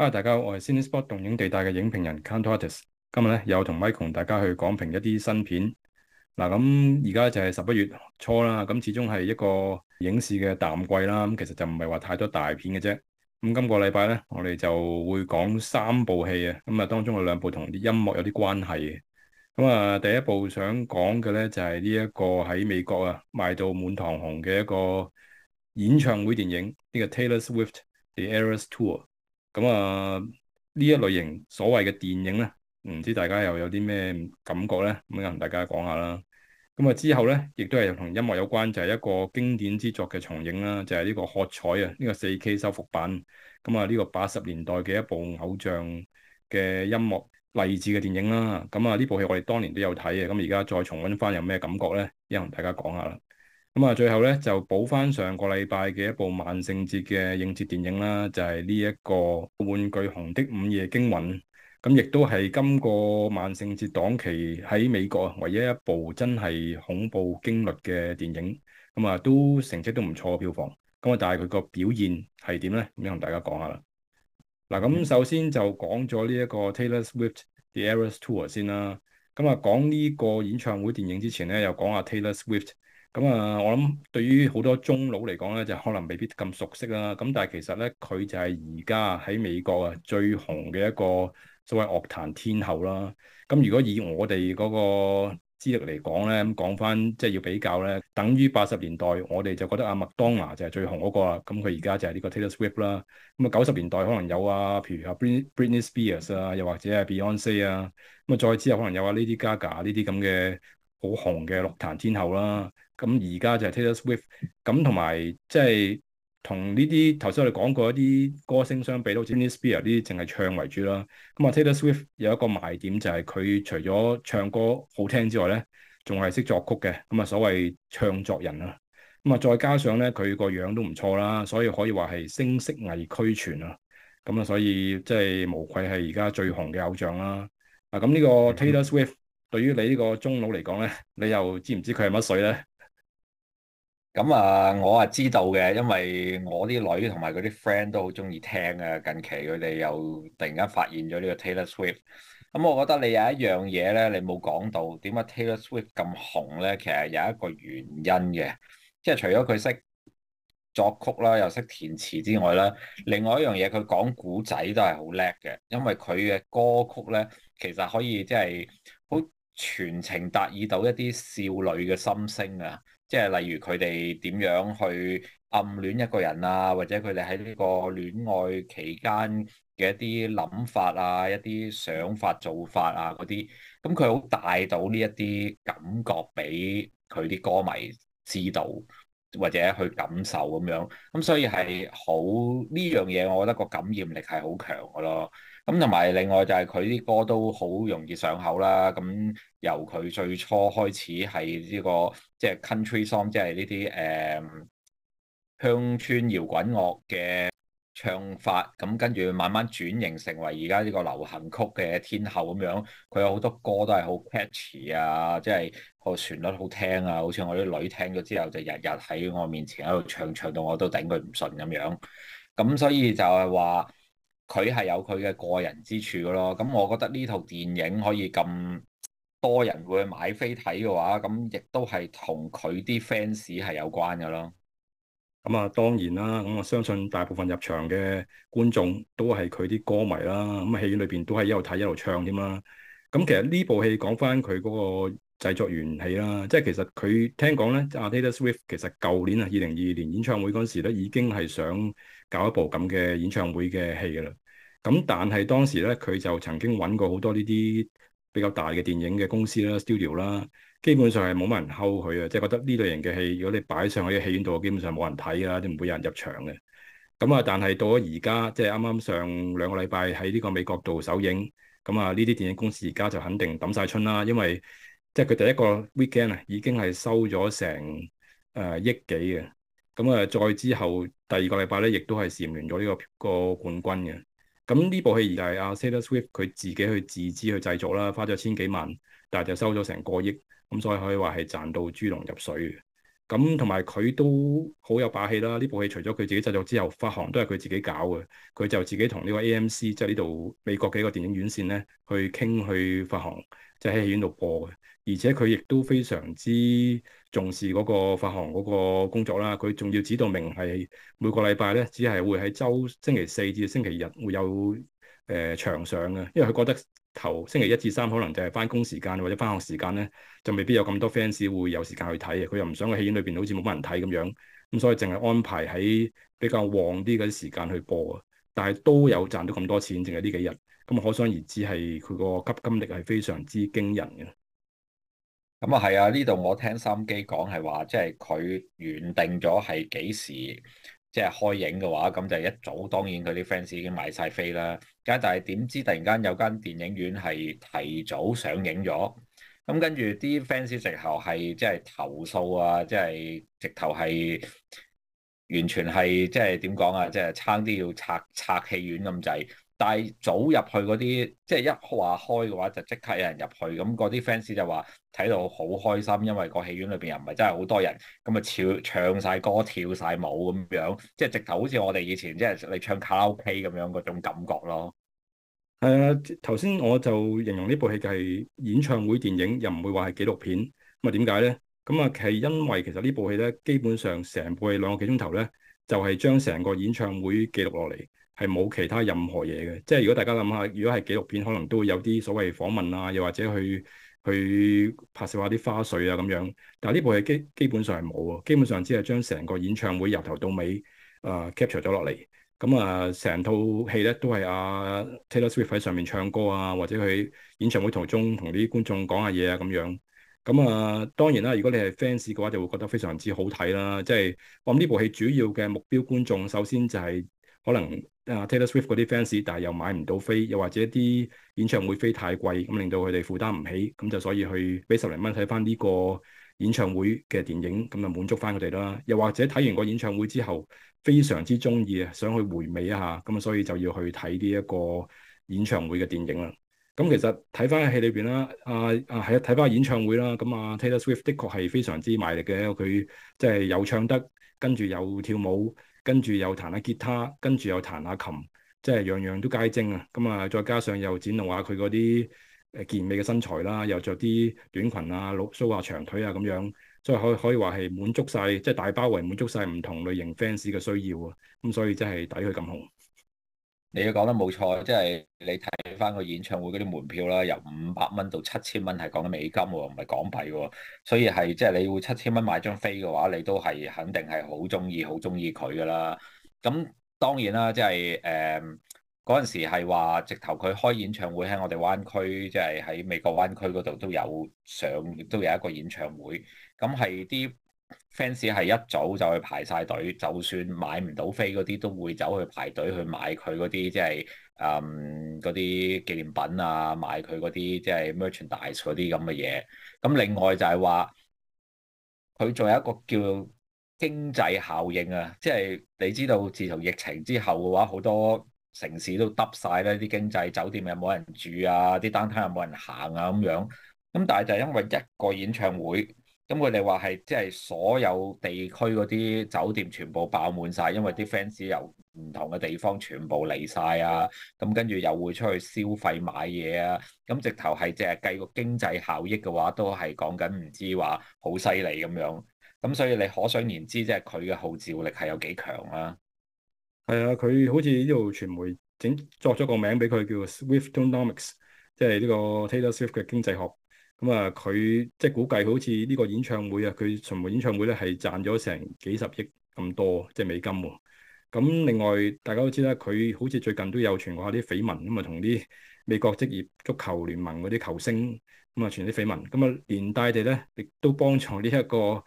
Hello 大家好，我係 CineSpot 動映地帶嘅影評人 Kantorates，今日咧又同 Michael 大家去講評一啲新片嗱。咁而家就係十一月初啦，咁、嗯、始終係一個影視嘅淡季啦。咁、嗯、其實就唔係話太多大片嘅啫。咁、嗯、今個禮拜咧，我哋就會講三部戲啊。咁、嗯、啊，當中有兩部同啲音樂有啲關係嘅。咁、嗯、啊，第一部想講嘅咧就係呢一個喺美國啊賣到滿堂紅嘅一個演唱會電影呢、這個 Taylor Swift The Eras Tour。咁啊呢一類型所謂嘅電影咧，唔知大家又有啲咩感覺咧？咁啊同大家講下啦。咁、嗯、啊之後咧，亦都係同音樂有關，就係、是、一個經典之作嘅重映啦，就係、是、呢、這個《喝彩》啊，呢、這個四 K 修復版。咁啊呢個八十年代嘅一部偶像嘅音樂勵志嘅電影啦。咁啊呢部戲我哋當年都有睇嘅，咁而家再重溫翻有咩感覺咧？一陣同大家講下啦。咁啊，最後咧就補翻上個禮拜嘅一部萬聖節嘅應節電影啦，就係呢一個玩具熊的午夜驚魂。咁亦都係今個萬聖節檔期喺美國唯一一部真係恐怖驚慄嘅電影。咁啊，成績都成績都唔錯嘅票房。咁啊，但係佢個表現係點咧？咁樣同大家講下啦。嗱，咁首先就講咗呢一個 Taylor Swift The Eras Tour 先啦。咁啊，講呢個演唱會電影之前咧，又講下 Taylor Swift。咁啊、嗯，我諗對於好多中老嚟講咧，就可能未必咁熟悉啦。咁但係其實咧，佢就係而家喺美國啊最紅嘅一個所謂樂壇天后啦。咁、嗯、如果以我哋嗰個資歷嚟講咧，咁講翻即係要比較咧，等於八十年代我哋就覺得阿麥當娜就係最紅嗰個啦。咁佢而家就係呢個 Taylor Swift 啦。咁啊九十年代可能有啊，譬如阿、啊、Brit Britney Spears 啊，又或者係 Beyonce 啊。咁、嗯、啊再之後可能有啊 Lady Gaga 呢啲咁嘅。好紅嘅樂壇天后啦，咁而家就係 Taylor Swift，咁同埋即係同呢啲頭先我哋講過一啲歌星相比，都好似 Britney Spears 呢啲淨係唱為主啦。咁啊 Taylor Swift 有一個賣點就係佢除咗唱歌好聽之外咧，仲係識作曲嘅，咁啊所謂唱作人啊。咁啊再加上咧佢個樣都唔錯啦，所以可以話係聲色藝俱全啊。咁啊所以即係無愧係而家最紅嘅偶像啦。啊咁呢個 Taylor Swift。對於你個呢個中佬嚟講咧，你又知唔知佢係乜水咧？咁啊、嗯，我啊知道嘅，因為我啲女同埋嗰啲 friend 都好中意聽啊。近期佢哋又突然間發現咗呢個 Taylor Swift。咁、嗯、我覺得你有一樣嘢咧，你冇講到點解 Taylor Swift 咁紅咧，其實有一個原因嘅，即係除咗佢識作曲啦，又識填詞之外啦，另外一樣嘢佢講古仔都係好叻嘅，因為佢嘅歌曲咧，其實可以即係。全程達意到一啲少女嘅心聲啊，即係例如佢哋點樣去暗戀一個人啊，或者佢哋喺呢個戀愛期間嘅一啲諗法啊、一啲想法做法啊嗰啲，咁佢好帶到呢一啲感覺俾佢啲歌迷知道或者去感受咁樣，咁所以係好呢樣嘢，這個、我覺得個感染力係好強㗎咯。咁同埋另外就係佢啲歌都好容易上口啦。咁由佢最初開始係呢個即係 country song，即係呢啲誒鄉村搖滾樂嘅唱法。咁跟住慢慢轉型成為而家呢個流行曲嘅天后咁樣。佢有好多歌都係好 catchy 啊，即係個旋律好聽啊。好似我啲女聽咗之後就日日喺我面前喺度唱，唱到我都頂佢唔順咁樣。咁所以就係話。佢係有佢嘅過人之處噶咯，咁我覺得呢套電影可以咁多人會買飛睇嘅話，咁亦都係同佢啲 fans 係有關噶咯。咁啊，當然啦，咁我相信大部分入場嘅觀眾都係佢啲歌迷啦。咁啊，戲院裏邊都係一路睇一路唱添啦。咁其實呢部戲講翻佢嗰個製作緣起啦，即係其實佢聽講咧，Taylor Swift 其實舊年啊，二零二二年演唱會嗰陣時咧，已經係想，搞一部咁嘅演唱會嘅戲㗎啦，咁但係當時咧佢就曾經揾過好多呢啲比較大嘅電影嘅公司啦、studio 啦，基本上係冇乜人睺佢啊，即係覺得呢類型嘅戲如果你擺上去啲戲院度，基本上冇人睇啦，都唔會有人入場嘅。咁啊，但係到咗而家，即係啱啱上兩個禮拜喺呢個美國度首映，咁啊呢啲電影公司而家就肯定揼晒春啦，因為即係佢第一個 weekend 啊已經係收咗成誒億幾啊。呃咁啊、嗯，再之後第二個禮拜咧，亦都係蟬聯咗呢個個冠軍嘅。咁呢部戲而家係阿 Taylor Swift 佢自己去自資去製作啦，花咗千幾萬，但係就收咗成個億，咁所以可以話係賺到豬籠入水嘅。咁同埋佢都好有霸氣啦。呢部戲除咗佢自己製作之後，發行都係佢自己搞嘅。佢就自己同呢個 AMC 即係呢度美國嘅一個電影院線咧，去傾去發行，即係喺戲院度播嘅。而且佢亦都非常之重視嗰個發行嗰個工作啦，佢仲要指導明係每個禮拜咧，只係會喺週星期四至星期日會有誒、呃、場上嘅、啊，因為佢覺得頭星期一至三可能就係返工時間或者返學時間咧，就未必有咁多 fans 會有時間去睇嘅，佢又唔想個戲院裏邊好似冇乜人睇咁樣，咁所以淨係安排喺比較旺啲嗰啲時間去播啊，但係都有賺到咁多錢，淨係呢幾日，咁可想而知係佢個吸金力係非常之驚人嘅。咁啊，係啊，呢度我聽收音機講係話，即係佢原定咗係幾時即係開影嘅話，咁就一早當然佢啲 fans 已經買晒飛啦。咁但係點知突然間有間電影院係提早上映咗，咁跟住啲 fans 直頭係即係投訴啊，即係直頭係完全係即係點講啊，即係差啲要拆拆戲院咁滯。但係早入去嗰啲，即係一話開嘅話，就即刻有人入去。咁嗰啲 fans 就話睇到好開心，因為個戲院裏邊又唔係真係好多人，咁啊唱唱曬歌、跳晒舞咁樣，即係直頭好似我哋以前即係你唱卡拉 OK 咁樣嗰種感覺咯。係啊、呃，頭先我就形容呢部戲就係演唱會電影，又唔會話係紀錄片。咁啊點解咧？咁啊係因為其實呢部戲咧，基本上成部戲兩個幾鐘頭咧，就係、是、將成個演唱會記錄落嚟。係冇其他任何嘢嘅，即係如果大家諗下，如果係紀錄片，可能都會有啲所謂訪問啊，又或者去去拍攝下啲花絮啊咁樣。但係呢部戲基基本上係冇啊，基本上只係將成個演唱會由頭到尾啊 capture 咗落嚟。咁啊，成、嗯啊、套戲咧都係阿、啊、Taylor Swift 喺上面唱歌啊，或者佢演唱會途中同啲觀眾講下嘢啊咁樣。咁、嗯、啊，當然啦，如果你係 fans 嘅話，就會覺得非常之好睇啦。即係我諗呢部戲主要嘅目標觀眾，首先就係、是。可能啊 Taylor Swift 嗰啲 fans，但係又買唔到飛，又或者啲演唱會飛太貴，咁令到佢哋負擔唔起，咁就所以去俾十零蚊睇翻呢個演唱會嘅電影，咁就滿足翻佢哋啦。又或者睇完個演唱會之後，非常之中意，想去回味一下，咁啊所以就要去睇呢一個演唱會嘅電影啦。咁其實睇翻喺戲裏邊啦，啊啊係啊睇翻演唱會啦，咁啊 Taylor Swift 的確係非常之賣力嘅，佢即係有唱得，跟住有跳舞。跟住又彈下吉他，跟住又彈下琴，即係樣樣都皆精啊！咁啊，再加上又展露下佢嗰啲誒健美嘅身材啦，又着啲短裙啊、露 show 下長腿啊咁樣，所以可可以話係滿足晒，即係大包圍滿足晒唔同類型 fans 嘅需要啊！咁所以真係抵佢咁紅。你要講得冇錯，即係你睇。翻個演唱會嗰啲門票啦，由五百蚊到七千蚊，係講緊美金喎，唔係港幣喎，所以係即係你會七千蚊買張飛嘅話，你都係肯定係好中意、好中意佢噶啦。咁當然啦，即係誒嗰陣時係話直頭佢開演唱會喺我哋灣區，即係喺美國灣區嗰度都有上，亦都有一個演唱會。咁係啲 fans 係一早就去排晒隊，就算買唔到飛嗰啲，都會走去排隊去買佢嗰啲，即係。嗯，嗰啲、um，紀念品啊，買佢嗰啲即係 merchandise 嗰啲咁嘅嘢。咁另外就係話，佢仲有一個叫經濟效應啊，即係你知道自從疫情之後嘅話，好多城市都得晒咧，啲經濟酒店又冇人住啊，啲餐廳又冇人行啊咁樣。咁但係就係因為一個演唱會。咁佢哋話係即係所有地區嗰啲酒店全部爆滿晒，因為啲 fans 由唔同嘅地方全部嚟晒啊！咁跟住又會出去消費買嘢啊！咁直頭係即係計個經濟效益嘅話，都係講緊唔知話好犀利咁樣。咁所以你可想而知，即係佢嘅號召力係有幾強啦。係啊，佢、啊、好似呢度傳媒整作咗個名俾佢，叫 Swift Dynamics，即係呢個 Taylor Swift 嘅經濟學。咁啊，佢、嗯、即係估計好似呢個演唱會啊，佢巡迴演唱會咧係賺咗成幾十億咁多，即係美金喎。咁、嗯、另外大家都知啦，佢好似最近都有傳話啲緋聞咁啊，同、嗯、啲美國職業足球聯盟嗰啲球星咁啊、嗯、傳啲緋聞。咁、嗯、啊，連帶地咧亦都幫助呢、這、一個呢、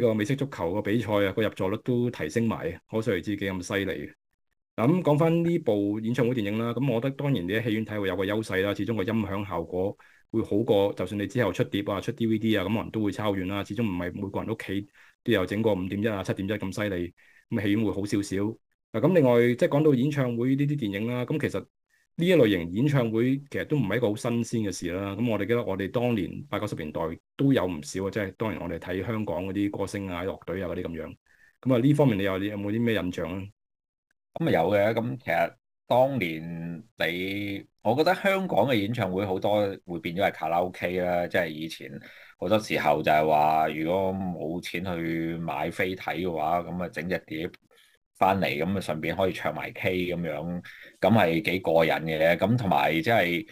這個美式足球嘅比賽啊個入座率都提升埋，可想而知幾咁犀利。嗱、嗯，咁講翻呢部演唱會電影啦，咁、嗯、我覺得當然你喺戲院睇會有個優勢啦，始終個音響效果。會好過，就算你之後出碟啊、出 DVD 啊，咁人都會抄遠啦。始終唔係每個人屋企都有整個五點一啊、七點一咁犀利，咁戲院會好少少。嗱，咁另外，即係講到演唱會呢啲電影啦，咁其實呢一類型演唱會其實都唔係一個好新鮮嘅事啦。咁我哋記得我哋當年八九十年代都有唔少，啊，即係當然我哋睇香港嗰啲歌星啊、樂隊啊嗰啲咁樣。咁啊呢方面你有你有冇啲咩印象咧？咁啊、嗯嗯嗯嗯、有嘅，咁其實。當年你，我覺得香港嘅演唱會好多會變咗係卡拉 OK 啦，即係以前好多時候就係話，如果冇錢去買飛睇嘅話，咁啊整隻碟翻嚟，咁啊順便可以唱埋 K 咁樣，咁係幾過癮嘅，咁同埋即係。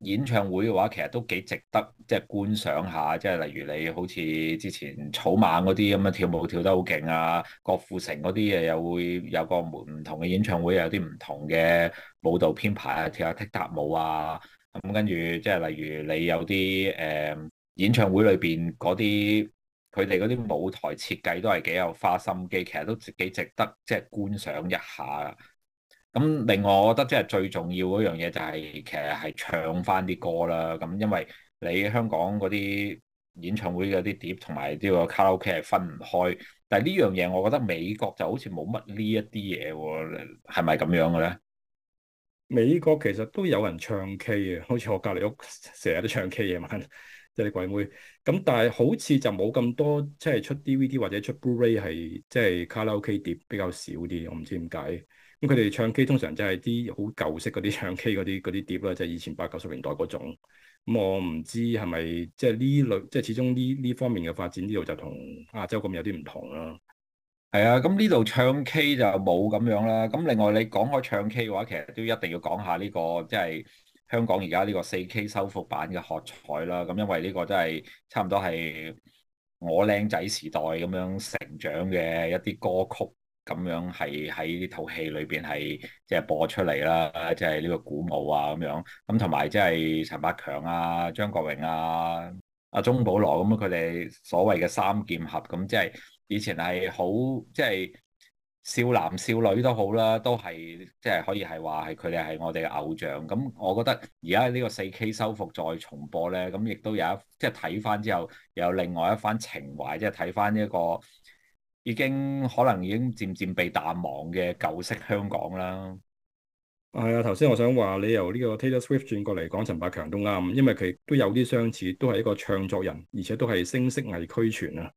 演唱會嘅話，其實都幾值得即係、就是、觀賞下，即、就、係、是、例如你好似之前草蜢嗰啲咁樣，跳舞跳得好勁啊，郭富城嗰啲誒又會有個唔同嘅演唱會，有啲唔同嘅舞蹈編排啊，跳下踢踏舞啊，咁跟住即係例如你有啲誒、呃、演唱會裏邊嗰啲佢哋嗰啲舞台設計都係幾有花心機，其實都幾值得即係、就是、觀賞一下。咁另外，我覺得即係最重要嗰樣嘢就係其實係唱翻啲歌啦。咁因為你香港嗰啲演唱會嗰啲碟同埋呢個卡拉 OK 係分唔開。但係呢樣嘢，我覺得美國就好似冇乜呢一啲嘢喎，係咪咁樣嘅咧？美國其實都有人唱 K 嘅，好似我隔離屋成日都唱 K 夜晚，即係啲鬼妹。咁但係好似就冇咁多，即係出 DVD 或者出 Blu-ray 係即係卡拉 OK 碟比較少啲。我唔知點解。咁佢哋唱 K 通常就係啲好舊式嗰啲唱 K 嗰啲啲碟啦，就係以前八九十年代嗰種。咁我唔知係咪即係呢類，即係始終呢呢方面嘅發展呢度就同亞洲咁有啲唔同啦。係啊，咁呢度唱 K 就冇咁樣啦。咁另外你講開唱 K 嘅話，其實都一定要講下呢個即係香港而家呢個四 K 修復版嘅喝彩啦。咁因為呢個真係差唔多係我僆仔時代咁樣成長嘅一啲歌曲。咁樣係喺呢套戲裏邊係即係播出嚟啦，即係呢個鼓舞啊咁樣，咁同埋即係陳百強啊、張國榮啊、阿鍾保羅咁，佢哋所謂嘅三劍俠咁，即係以前係好即係少男少女都好啦，都係即係可以係話係佢哋係我哋嘅偶像。咁我覺得而家呢個四 K 修復再重播咧，咁亦都有一即係睇翻之後又有另外一番情懷，即係睇翻呢一個。已經可能已經漸漸被淡忘嘅舊式香港啦，係啊，頭先我想話你由呢個 Taylor Swift 轉過嚟講陳百強都啱，因為佢都有啲相似，都係一個唱作人，而且都係聲色藝俱全啊。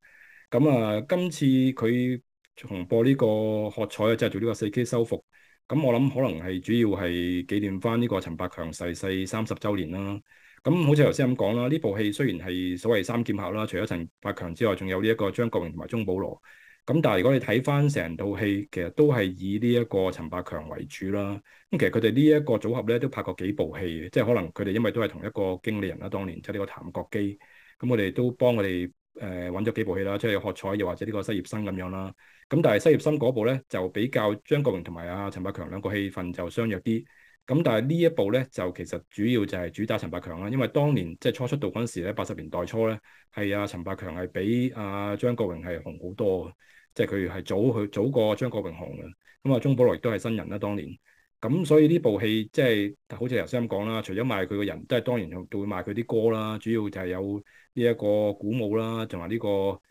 咁啊，今次佢重播呢個喝彩啊，即係做呢個四 K 修復，咁我諗可能係主要係紀念翻呢個陳百強逝世三十周年啦。咁好似頭先咁講啦，呢部戲雖然係所謂三劍客啦，除咗陳百強之外，仲有呢一個張國榮同埋鍾保羅。咁但係如果你睇返成套戲，其實都係以呢一個陳百強為主啦。咁其實佢哋呢一個組合咧，都拍過幾部戲嘅，即係可能佢哋因為都係同一個經理人啦，當年即係呢個譚國基。咁我哋都幫佢哋誒揾咗幾部戲啦，即係《喝彩》又或者呢個《失業生》咁樣啦。咁但係《失業生》嗰部咧就比較張國榮同埋啊陳百強兩個戲份就相若啲。咁但係呢一部咧就其實主要就係主打陳百強啦，因為當年即係、就是、初出道嗰陣時咧，八十年代初咧係啊陳百強係比阿、啊、張國榮係紅好多嘅，即係佢係早去早過張國榮紅嘅。咁啊鐘寶羅亦都係新人啦，當年。咁所以呢部戲即係、就是、好似阿先 a m 講啦，除咗賣佢嘅人即係當然仲會賣佢啲歌啦，主要就係有呢一個古舞啦，同埋呢個。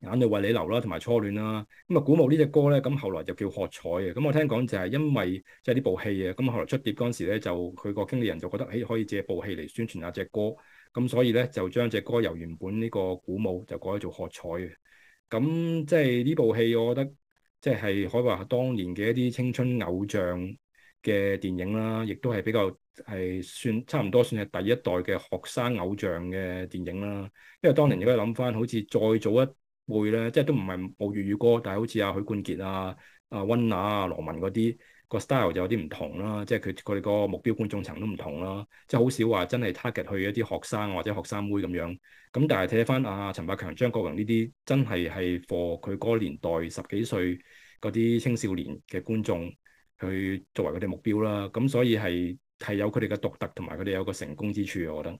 眼淚為你流啦，同埋初戀啦。咁啊，古墓呢隻歌咧，咁後來就叫喝彩嘅。咁我聽講就係因為即係呢部戲嘅，咁後來出碟嗰陣時咧，就佢個經理人就覺得，嘿可以借部戲嚟宣傳下隻歌，咁所以咧就將隻歌由原本呢個古墓就改咗做喝彩嘅。咁即係呢部戲，我覺得即係、就是、可以話當年嘅一啲青春偶像嘅電影啦，亦都係比較係算差唔多算係第一代嘅學生偶像嘅電影啦。因為當年應該諗翻，好似再早一會咧，即係都唔係冇粵語歌，但係好似阿許冠傑啊、阿温拿啊、羅文嗰啲個 style 就有啲唔同啦，即係佢佢哋個目標觀眾層都唔同啦，即係好少話真係 target 去一啲學生或者學生妹咁樣。咁但係睇翻阿陳百強、張國榮呢啲，真係係 for 佢嗰年代十幾歲嗰啲青少年嘅觀眾，去作為佢哋目標啦。咁所以係係有佢哋嘅獨特同埋佢哋有個成功之處，我覺得。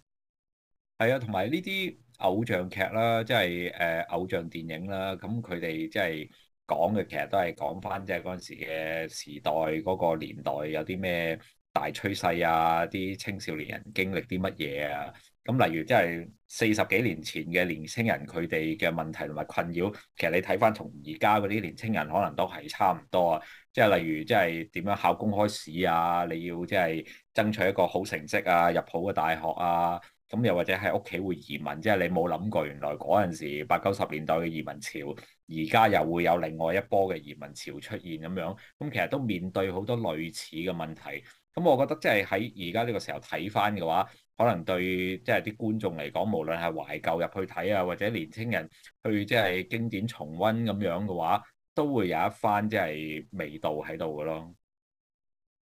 係啊，同埋呢啲。偶像劇啦，即係誒、呃、偶像電影啦，咁佢哋即係講嘅其實都係講翻即係嗰陣時嘅時代嗰、嗰個年代有啲咩大趨勢啊，啲青少年人經歷啲乜嘢啊，咁例如即係四十幾年前嘅年青人佢哋嘅問題同埋困擾，其實你睇翻同而家嗰啲年青人可能都係差唔多啊，即係例如即係點樣考公開試啊，你要即係爭取一個好成績啊，入好嘅大學啊。咁又或者喺屋企會移民，即係你冇諗過，原來嗰陣時八九十年代嘅移民潮，而家又會有另外一波嘅移民潮出現咁樣。咁其實都面對好多類似嘅問題。咁我覺得即係喺而家呢個時候睇翻嘅話，可能對即係啲觀眾嚟講，無論係懷舊入去睇啊，或者年青人去即係經典重溫咁樣嘅話，都會有一番即係味道喺度嘅咯。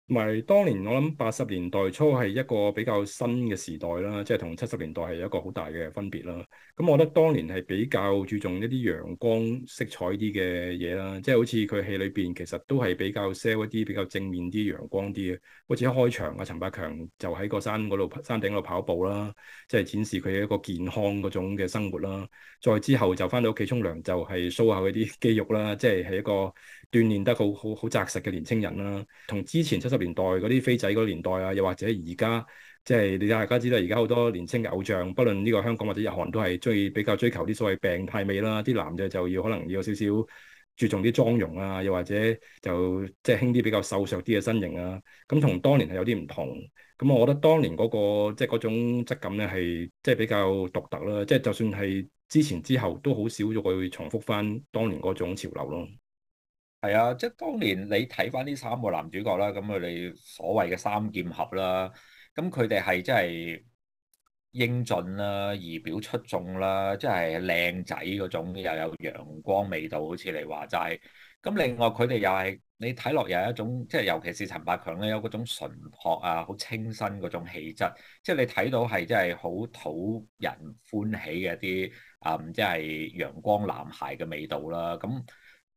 同埋當年我諗八十年代初係一個比較新嘅時代啦，即係同七十年代係有一個好大嘅分別啦。咁、嗯、我覺得當年係比較注重一啲陽光色彩啲嘅嘢啦，即係好似佢戲裏邊其實都係比較 sell 一啲比較正面啲陽光啲嘅，好似一開場啊陳百強就喺個山嗰度山頂度跑步啦，即係展示佢一個健康嗰種嘅生活啦。再之後就翻到屋企沖涼就係 show 下佢啲肌肉啦，即係係一個，鍛鍊得好好好紮實嘅年青人啦、啊，同之前七十年代嗰啲飛仔嗰年代啊，又或者而家即係你大家知道，而家好多年青嘅偶像，不論呢個香港或者日韓都係追比較追求啲所謂病態美啦，啲男仔就要可能要少少注重啲妝容啊，又或者就即係興啲比較瘦削啲嘅身形啊。咁同當年係有啲唔同。咁我覺得當年嗰、嗰個即係嗰種質感咧係即係比較獨特啦。即、就、係、係、就算係之前之後都好少咗去重複翻當年嗰種潮流咯。係啊，即係當年你睇翻呢三個男主角啦，咁佢哋所謂嘅三劍俠啦，咁佢哋係真係英俊啦，儀表出眾啦，即係靚仔嗰種，又有陽光味道，好似你話齋。咁另外佢哋又係你睇落又有一種，即係尤其是陳百強咧，有嗰種淳樸啊，好清新嗰種氣質，即係你睇到係真係好討人歡喜嘅一啲啊、嗯，即係陽光男孩嘅味道啦。咁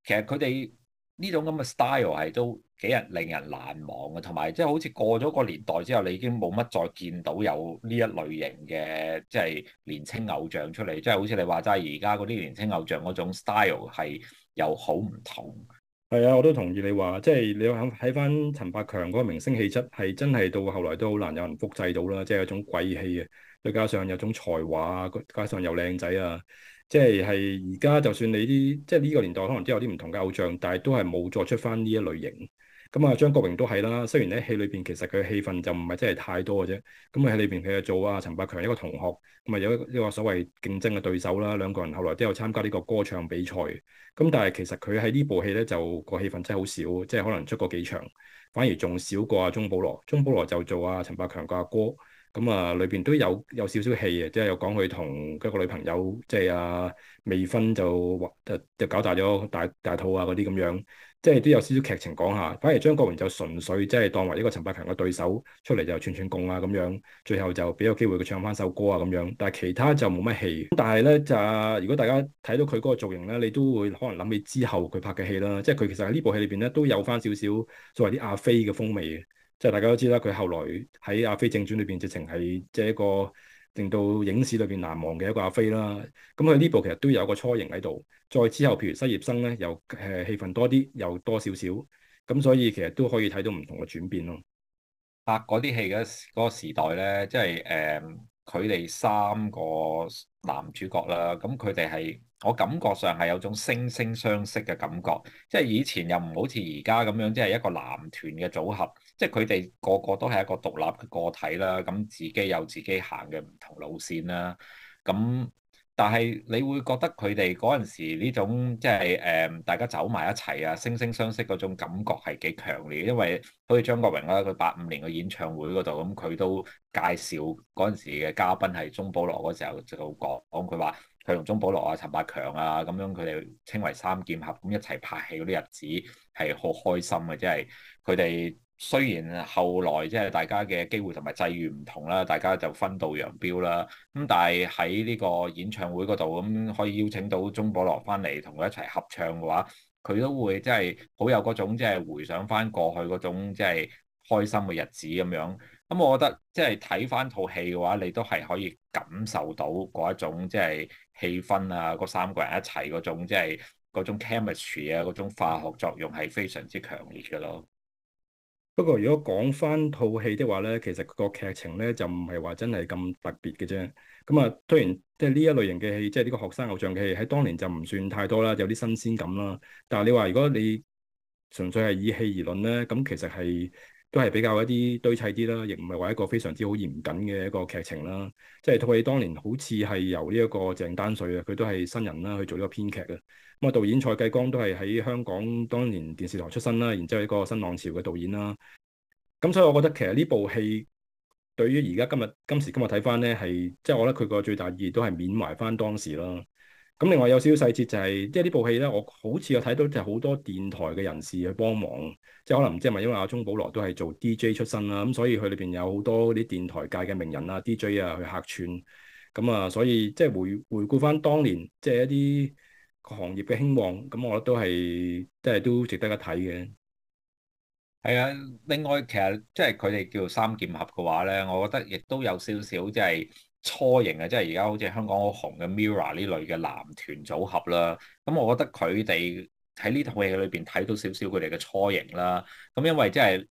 其實佢哋。呢種咁嘅 style 係都幾日令人難忘嘅，同埋即係好似過咗個年代之後，你已經冇乜再見到有呢一類型嘅即係年輕偶像出嚟，即係好似你話齋而家嗰啲年輕偶像嗰種 style 係又好唔同。係啊，我都同意你話，即係你話睇翻陳百強嗰個明星氣質係真係到後來都好難有人複製到啦，即係有種貴氣啊，再加上有種才華啊，加上又靚仔啊。即係係而家，就算你啲即係呢個年代，可能都有啲唔同嘅偶像，但係都係冇作出翻呢一類型。咁、嗯、啊，張國榮都係啦。雖然咧、嗯，戲裏邊其實佢嘅戲份就唔係真係太多嘅啫。咁佢喺裏邊佢係做啊陳百強一個同學，咁啊有一個所謂競爭嘅對手啦。兩個人後來都有參加呢個歌唱比賽。咁、嗯、但係其實佢喺呢部戲咧就個戲份真係好少，即係可能出過幾場，反而仲少過阿鍾保羅。鍾保羅就做啊陳百強個阿哥。咁啊，裏邊、嗯、都有有少少戲啊。即係有講佢同一個女朋友，即係啊未婚就，就就就搞大咗大大肚啊嗰啲咁樣，即係都有少少劇情講下。反而張國榮就純粹即係當為一個陳百強嘅對手出嚟就串串共啊咁樣，最後就俾個機會佢唱翻首歌啊咁樣。但係其他就冇乜戲。但係咧就，如果大家睇到佢嗰個造型咧，你都會可能諗起之後佢拍嘅戲啦。即係佢其實喺呢部戲裏邊咧都有翻少少作為啲阿飛嘅風味嘅。即係大家都知啦，佢後來喺《阿飛正傳》裏邊，直情係即係一個令到影史裏邊難忘嘅一個阿飛啦。咁佢呢部其實都有個雛形喺度，再之後譬如《失業生》咧，又誒戲份多啲，又多少少，咁所以其實都可以睇到唔同嘅轉變咯。拍嗰啲戲嘅嗰個時代咧，即係誒佢哋三個男主角啦，咁佢哋係我感覺上係有種惺惺相惜嘅感覺，即係以前又唔好似而家咁樣，即係一個男團嘅組合。即係佢哋個個都係一個獨立嘅個體啦，咁自己有自己行嘅唔同路線啦。咁但係你會覺得佢哋嗰陣時呢種即係誒、呃、大家走埋一齊啊，惺惺相惜嗰種感覺係幾強烈，因為好似張國榮啦、啊，佢八五年嘅演唱會嗰度，咁佢都介紹嗰陣時嘅嘉賓係鍾保羅嗰時候，就講佢話佢同鍾保羅啊、陳百強啊，咁樣佢哋稱為三劍俠，咁一齊拍戲嗰啲日子係好開心嘅，即係佢哋。雖然後來即係大家嘅機會同埋際遇唔同啦，大家就分道揚鑣啦。咁但係喺呢個演唱會嗰度，咁可以邀請到鍾保羅翻嚟同佢一齊合唱嘅話，佢都會即係好有嗰種即係回想翻過去嗰種即係開心嘅日子咁樣。咁我覺得即係睇翻套戲嘅話，你都係可以感受到嗰一種即係氣氛啊，嗰三個人一齊嗰種即係嗰種 chemistry 啊，嗰種化學作用係非常之強烈嘅咯。不過如果講翻套戲的話咧，其實個劇情咧就唔係話真係咁特別嘅啫。咁啊，雖然即係呢一類型嘅戲，即係呢個學生偶像嘅戲喺當年就唔算太多啦，有啲新鮮感啦。但係你話如果你純粹係以戲而論咧，咁其實係。都係比較一啲堆砌啲啦，亦唔係話一個非常之好嚴謹嘅一個劇情啦。即係套戲當年好似係由呢一個鄭丹瑞啊，佢都係新人啦去做呢個編劇嘅。咁啊，導演蔡繼光都係喺香港當年電視台出身啦，然之後一個新浪潮嘅導演啦。咁所以我覺得其實呢部戲對於而家今日今時今日睇翻咧，係即係我覺得佢個最大意義都係緬懷翻當時啦。咁另外有少少細節就係、是，即係呢部戲咧，我好似有睇到就係好多電台嘅人士去幫忙，即係可能唔知係咪因為阿鍾保羅都係做 DJ 出身啦，咁所以佢裏邊有好多啲電台界嘅名人啦、啊、DJ 啊去客串，咁啊，所以即係回回顧翻當年即係一啲行業嘅興旺，咁我覺得都係即係都值得一睇嘅。係啊，另外其實即係佢哋叫做三劍俠嘅話咧，我覺得亦都有少少即係，初型啊，即係而家好似香港好紅嘅 Mirror 呢類嘅男團組合啦。咁我覺得佢哋喺呢套戲裏邊睇到少少佢哋嘅初型啦。咁因為即係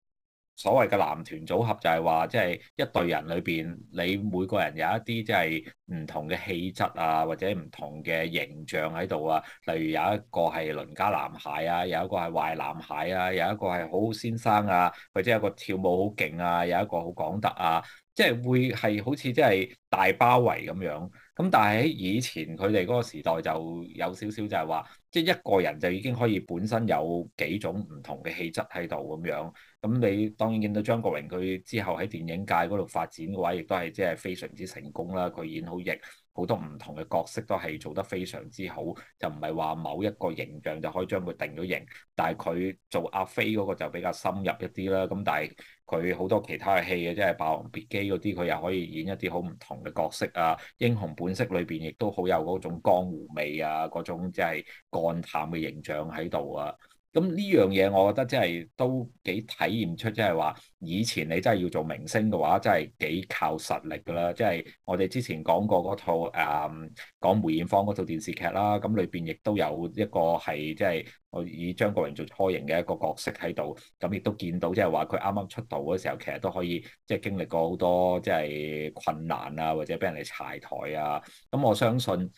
所謂嘅男團組合就係話，即係一隊人裏邊，你每個人有一啲即係唔同嘅氣質啊，或者唔同嘅形象喺度啊。例如有一個係鄰家男孩啊，有一個係壞男孩啊，有一個係好先生啊，或者有一個跳舞好勁啊，有一個好講得啊。即係會係好似即係大包圍咁樣，咁但係喺以前佢哋嗰個時代就有少少就係話，即係一個人就已經可以本身有幾種唔同嘅氣質喺度咁樣。咁你當然見到張國榮佢之後喺電影界嗰度發展嘅話，亦都係即係非常之成功啦。佢演好譯。好多唔同嘅角色都係做得非常之好，就唔係話某一個形象就可以將佢定咗型。但係佢做阿飛嗰個就比較深入一啲啦。咁但係佢好多其他嘅戲嘅，即係《霸王別姬》嗰啲，佢又可以演一啲好唔同嘅角色啊。英雄本色裏邊亦都好有嗰種江湖味啊，嗰種即係幹探嘅形象喺度啊。咁呢樣嘢，我覺得真係都幾體驗出，即係話以前你真係要做明星嘅話，真係幾靠實力噶啦。即係我哋之前講過嗰套誒講梅艷芳嗰套電視劇啦，咁裏邊亦都有一個係即係我以張國榮做雛形嘅一個角色喺度，咁亦都見到即係話佢啱啱出道嗰時候，其實都可以即係經歷過好多即係困難啊，或者俾人哋柴台啊。咁我相信。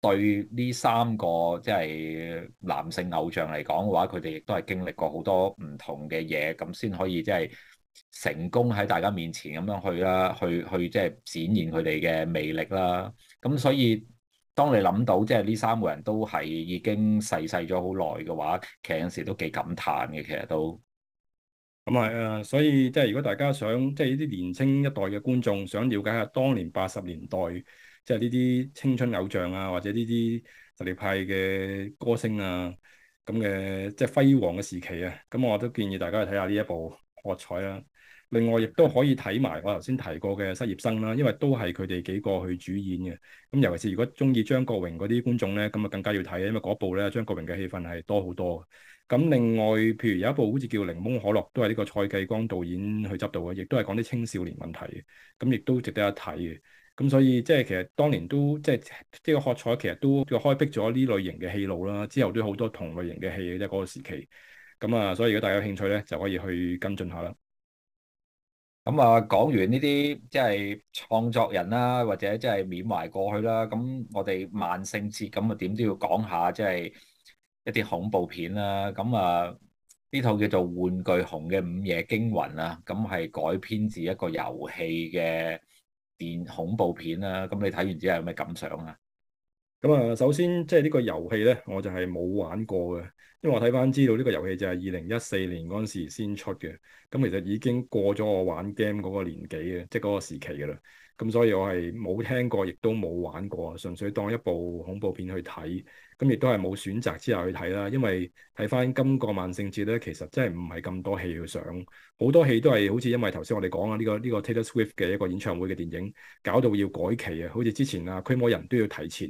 對呢三個即係男性偶像嚟講嘅話，佢哋亦都係經歷過好多唔同嘅嘢，咁先可以即係成功喺大家面前咁樣去啦，去去即係展現佢哋嘅魅力啦。咁所以當你諗到即係呢三個人都係已經逝世咗好耐嘅話，其實有時都幾感嘆嘅。其實都咁係啊。所以即係如果大家想即係呢啲年青一代嘅觀眾想了解下當年八十年代，即係呢啲青春偶像啊，或者呢啲實力派嘅歌星啊，咁嘅即係輝煌嘅時期啊，咁我都建議大家去睇下呢一部《喝彩》啦。另外，亦都可以睇埋我頭先提過嘅《失業生》啦，因為都係佢哋幾個去主演嘅。咁尤其是如果中意張國榮嗰啲觀眾咧，咁啊更加要睇，因為嗰部咧張國榮嘅戲份係多好多。咁另外，譬如有一部好似叫《檸檬可樂》，都係呢個蔡繼光導演去執導嘅，亦都係講啲青少年問題嘅，咁亦都值得一睇嘅。咁所以即係其實當年都即係即係個喝彩，其實都開闢咗呢類型嘅戲路啦。之後都好多同類型嘅戲嘅啫。嗰、就是、個時期，咁啊，所以如果大家有興趣咧，就可以去跟進下啦。咁啊，講完呢啲即係創作人啦，或者即係緬懷過去啦。咁我哋萬聖節咁啊，點都要講下即係、就是、一啲恐怖片啦。咁啊，呢套叫做《玩具熊嘅五夜驚魂》啊，咁係改編自一個遊戲嘅。恐怖片啊，咁你睇完之後有咩感想啊？咁啊，首先即係、就是、呢個遊戲咧，我就係冇玩過嘅，因為我睇翻知道呢個遊戲就係二零一四年嗰陣時先出嘅，咁其實已經過咗我玩 game 嗰個年紀嘅，即係嗰個時期嘅啦。咁所以我係冇聽過，亦都冇玩過，純粹當一部恐怖片去睇。咁亦都係冇選擇之下去睇啦。因為睇返今個萬聖節咧，其實真係唔係咁多戲去上，好多戲都係好似因為頭先我哋講啊，呢個呢個 Taylor Swift 嘅一個演唱會嘅電影，搞到要改期啊。好似之前啊，《驅魔人》都要提前。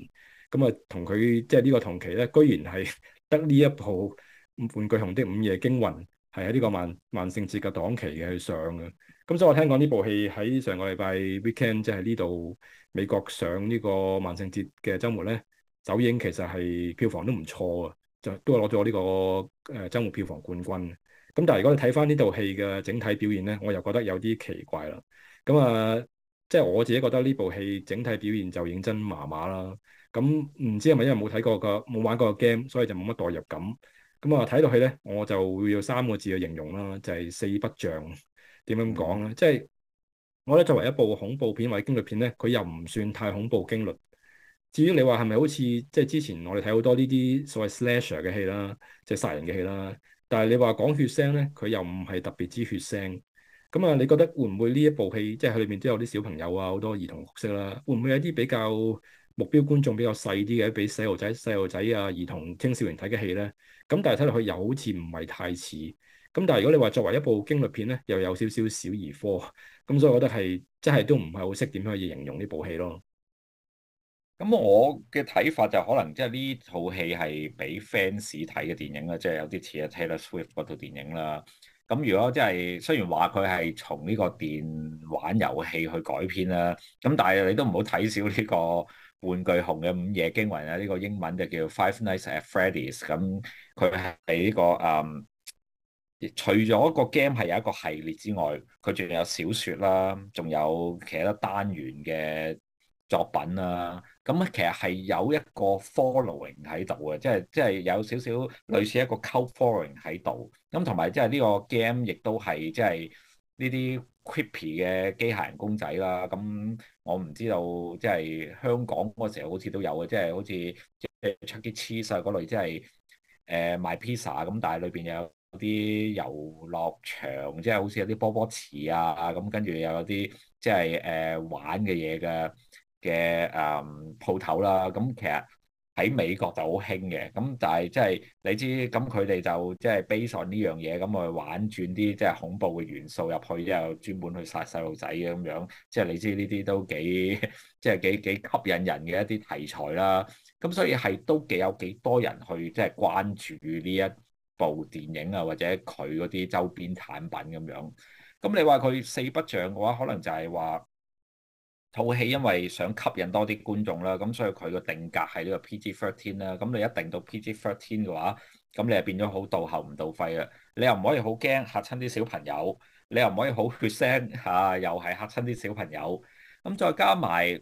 咁啊，同佢即係呢個同期咧，居然係得呢一部《玩具熊的五夜驚魂》，係喺呢個萬萬聖節嘅檔期嘅去上嘅。咁、嗯、所以我聽講呢部戲喺上個禮拜 weekend 即係呢度美國上呢個萬聖節嘅周末咧，走影其實係票房都唔錯啊，就都攞咗呢個誒、呃、週末票房冠軍。咁但係如果你睇翻呢套戲嘅整體表現咧，我又覺得有啲奇怪啦。咁啊，即、就、係、是、我自己覺得呢部戲整體表現就認真麻麻啦。咁唔知係咪因為冇睇過個冇玩過個 game，所以就冇乜代入感。咁啊，睇到戲咧，我就會有三個字嘅形容啦，就係、是、四不像。點樣講咧？即係我覺得作為一部恐怖片或者驚慄片咧，佢又唔算太恐怖驚慄。至於你話係咪好似即係之前我哋睇好多呢啲所謂 slasher 嘅戲啦，即係殺人嘅戲啦。但係你話講血腥咧，佢又唔係特別之血腥。咁啊，你覺得會唔會呢一部戲即係佢裏面都有啲小朋友啊，好多兒童角色啦，會唔會有一啲比較目標觀眾比較細啲嘅，俾細路仔、細路仔啊、兒童青少年睇嘅戲咧？咁但係睇落去又好似唔係太似。咁但係如果你話作為一部驚慄片咧，又有少少小兒科，咁所以我覺得係真係都唔係好識點樣去形容呢部戲咯。咁我嘅睇法就可能即係呢套戲係俾 fans 睇嘅電影啦，即係有啲似 Taylor Swift 嗰套電影啦。咁如果即係雖然話佢係從呢個電玩遊戲去改編啦，咁但係你都唔好睇少呢個玩具熊嘅午夜驚魂啊！呢個英文就叫 Five Nights at Freddy's，咁佢係呢個誒。嗯除咗個 game 係有一個系列之外，佢仲有小説啦，仲有其他單元嘅作品啦、啊。咁其實係有一個 following 喺度嘅，即係即係有少少類似一個 cult following 喺度。咁同埋即係呢個 game 亦都係即係呢啲 creepy 嘅機械人公仔啦。咁我唔知道即係、就是、香港嗰時候好似都有嘅，即、就、係、是、好似即係 Chuck E. Cheese 嗰類、就是，即係誒賣 pizza 咁，但係裏邊有。有啲遊樂場即係、就是、好似有啲波波池啊，咁跟住又有啲即係誒玩嘅嘢嘅嘅誒鋪頭啦。咁、嗯、其實喺美國就好興嘅，咁但係即係你知，咁佢哋就即係 base on 呢樣嘢，咁、就、去、是、玩轉啲即係恐怖嘅元素入去，又專門去殺細路仔咁樣。即、就、係、是、你知呢啲都幾即係、就是、幾幾吸引人嘅一啲題材啦。咁、嗯、所以係都幾有幾多人去即係、就是、關注呢一。部電影啊，或者佢嗰啲周邊產品咁樣，咁你話佢四不像嘅話，可能就係話套戲因為想吸引多啲觀眾啦，咁所以佢個定格喺呢個 PG13 啦。咁你一定到 PG13 嘅話，咁你又變咗好到喉唔到肺啊！你又唔可以好驚嚇親啲小朋友，你又唔可以好血腥嚇、啊，又係嚇親啲小朋友。咁再加埋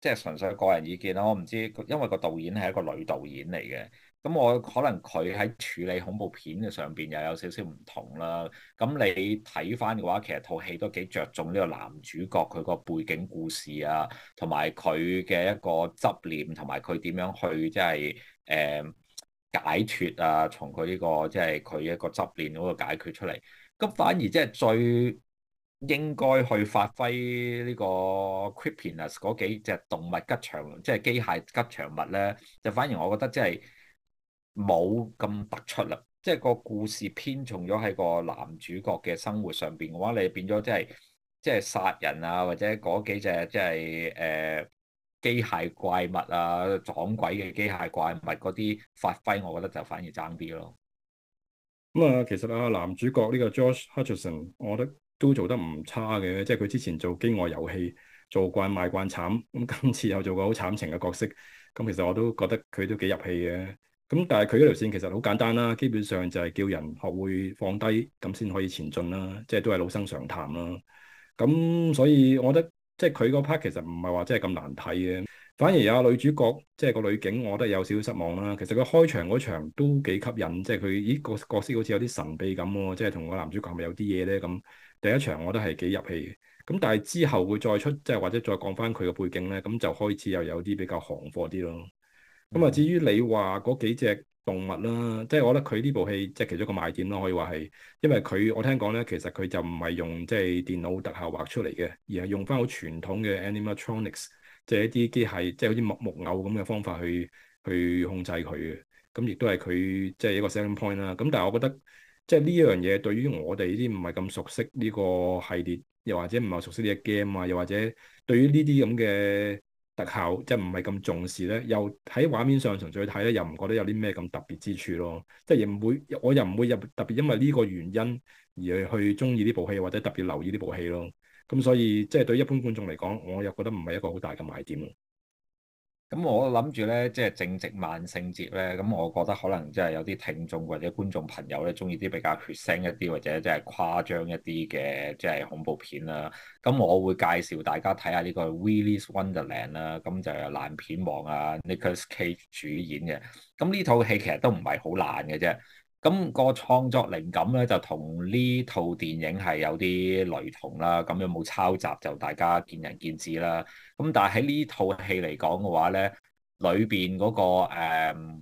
即係純粹個人意見啦。我唔知，因為個導演係一個女導演嚟嘅。咁我可能佢喺處理恐怖片嘅上邊又有少少唔同啦。咁你睇翻嘅話，其實套戲都幾着重呢個男主角佢個背景故事啊，同埋佢嘅一個執念，同埋佢點樣去即係誒解脫啊，從佢呢個即係佢一個執念嗰度解決出嚟。咁反而即係最應該去發揮呢個《Creepiness》嗰幾隻動物吉祥，即係機械吉祥物咧，就反而我覺得即係。冇咁突出啦，即係個故事偏重咗喺個男主角嘅生活上邊嘅話，你變咗即係即係殺人啊，或者嗰幾隻即係誒機械怪物啊，撞鬼嘅機械怪物嗰啲發揮，我覺得就反而爭啲咯。咁啊，其實啊男主角呢個 Josh Hutcherson 我覺得都做得唔差嘅，即係佢之前做饑餓遊戲，做慣賣慣慘，咁今次又做過好慘情嘅角色，咁其實我都覺得佢都幾入戲嘅。咁但係佢嗰條線其實好簡單啦，基本上就係叫人學會放低，咁先可以前進啦，即係都係老生常談啦。咁所以我覺得即係佢嗰 part 其實唔係話真係咁難睇嘅，反而有女主角即係個女警，我覺得有少少失望啦。其實佢開場嗰場都幾吸引，即係佢依個角色好似有啲神秘感喎、啊，即係同個男主角咪有啲嘢咧咁。第一場我都係幾入戲嘅，咁但係之後會再出即係或者再講翻佢嘅背景咧，咁就開始又有啲比較行貨啲咯。咁啊，至於你話嗰幾隻動物啦，即係我覺得佢呢部戲即係其中一個賣點啦，可以話係，因為佢我聽講咧，其實佢就唔係用即係電腦特效畫出嚟嘅，而係用返好傳統嘅 animatronics，即係一啲機械，即係好似木木偶咁嘅方法去去控制佢嘅。咁亦都係佢即係一個 selling point 啦。咁但係我覺得即係呢樣嘢對於我哋呢啲唔係咁熟悉呢個系列，又或者唔係熟悉呢隻 game 啊，又或者對於呢啲咁嘅。特效即係唔係咁重視咧，又喺畫面上純粹睇咧，又唔覺得有啲咩咁特別之處咯，即係亦唔會，我又唔會入特別因為呢個原因而去去鍾意呢部戲或者特別留意呢部戲咯。咁所以即係對一般觀眾嚟講，我又覺得唔係一個好大嘅賣點。咁我諗住咧，即係正值萬聖節咧，咁我覺得可能即係有啲聽眾或者觀眾朋友咧，中意啲比較血腥一啲或者即係誇張一啲嘅即係恐怖片啦、啊。咁我會介紹大家睇下呢、呢個《Willy's Wonderland》啦、啊，咁就有爛片王啊，Nicolas Cage 主演嘅。咁呢套戲其實都唔係好爛嘅啫。咁個創作靈感咧，就同呢套電影係有啲雷同啦。咁有冇抄襲就大家見仁見智啦。咁但係喺呢套戲嚟講嘅話咧，裏邊嗰個阿、嗯、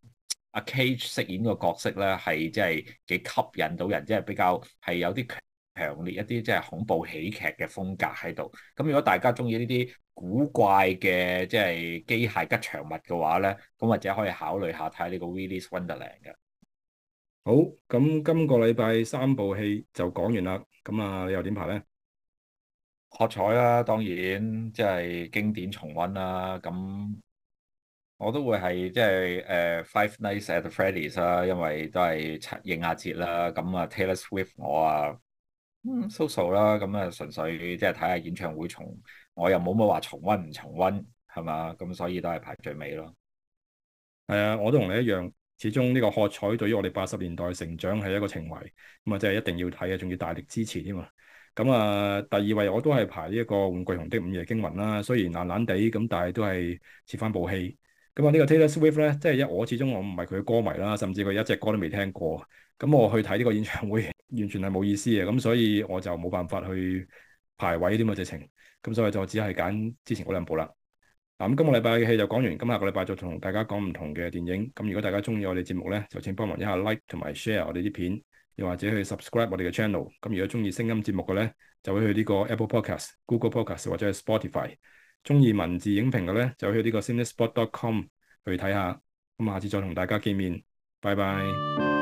Cage 飾演個角色咧，係即係幾吸引到人，即係比較係有啲強烈一啲即係恐怖喜劇嘅風格喺度。咁如果大家中意呢啲古怪嘅即係機械吉祥物嘅話咧，咁或者可以考慮下睇下呢個《Willy's Wonderland》嘅。好，咁今個禮拜三部戲就講完啦。咁啊，你又點排咧？喝彩啦，當然即係經典重溫啦。咁我都會係即係誒《Five Nights at Freddy's》啦，因為都係七應下節啦。咁啊 Taylor Swift 我啊，嗯，so so 啦，咁啊純粹即係睇下演唱會重，我又冇乜話重溫唔重溫，係嘛？咁所以都係排最尾咯。係啊，我都同你一樣。始終呢個喝彩對於我哋八十年代成長係一個情懷，咁啊真係一定要睇嘅，仲要大力支持添嘛。咁啊第二位我都係排呢、這、一個玩具熊的《五夜驚魂》啦，雖然難難地咁，但係都係切翻部戲。咁啊、這個、呢個 Taylor Swift 咧，即係一我始終我唔係佢嘅歌迷啦，甚至佢一隻歌都未聽過，咁我去睇呢個演唱會完全係冇意思嘅，咁所以我就冇辦法去排位添嘛直情，咁所以就只係揀之前嗰兩部啦。咁今個禮拜嘅戲就講完，咁下個禮拜再同大家講唔同嘅電影。咁如果大家中意我哋節目咧，就請幫忙一下 like 同埋 share 我哋啲片，又或者去 subscribe 我哋嘅 channel。咁如果中意聲音節目嘅咧，就會去呢個 Apple Podcast、Google Podcast 或者係 Spotify。中意文字影評嘅咧，就會去呢個 cinespot.com 去睇下。咁下次再同大家見面，拜拜。